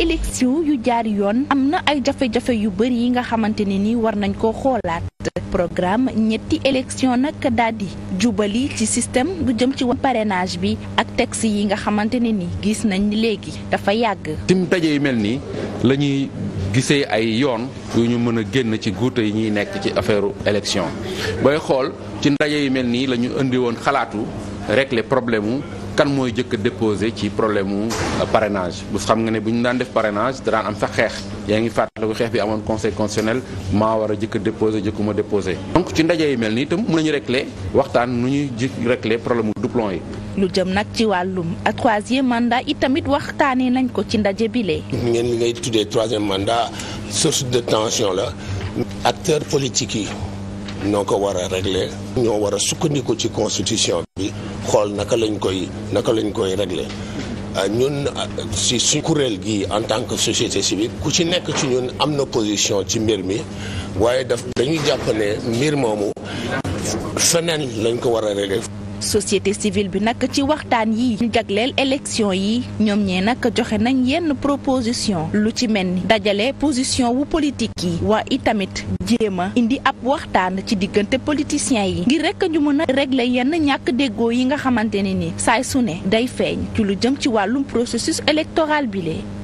élection yu jaar yoon am na ay jafe-jafe yu bëri yi nga xamante ne ni war nañ koo xoolaat programme ñetti élection nag daal di jubali ci système bu jëm ci parrainage bi ak texte yi nga xamante ne ni gis nañ léegi dafa yàgg. tim daje mel nii la ñuy gisee ay yoon yu ñu mën a génn ci guute yi ñuy nekk ci affaire élection booy xool ci ndaje yu mel nii la ñu indi woon xalaatu régler problème kan mooy jëkk déposé ci problème mu euh, parrainage bu xam nga ne bu ñu daan def parrainage daraan am sax xeex yaa ngi fàttaliku xeex bi amoon conseil constitutionnel maa war a jëkk a déposé jëkkuma déposé donc ci ndaje yi mel nii itam mën nañu le waxtaan nu ñuy ji régler problème mu doublon yi lu jëm nag ci wàllum troisième mandat itamit waxtaanee nañ ko ci ndaje bile. ngeen li ngay tuddee troisième mandat source de tension la acteur politique yi noo ko war a ñoo war a sukkandiku ci constitution bi xool naka lañ koy naka lañ koy régler euh, ñun euh, si suñ kuréel gi en tant que société civile ku ci nekk ci ñun am na position ci mbir mi waaye daf dañuy jàpp mbir moomu feneen lañ ko war a régler société civile bi nag ci waxtaan yi ñu jagleel élection yi ñoom ñee nag joxe nañ yenn proposition lu ci mel ni dajale position wu politique yi waa itamit jéem a indi ab waxtaan ci diggante politiciens yi ngir rek ñu mën a régler yenn ñàkk déggoo yi nga xamante ne ni saay su ne day feeñ ci lu jëm ci wàllum processus électoral bi lee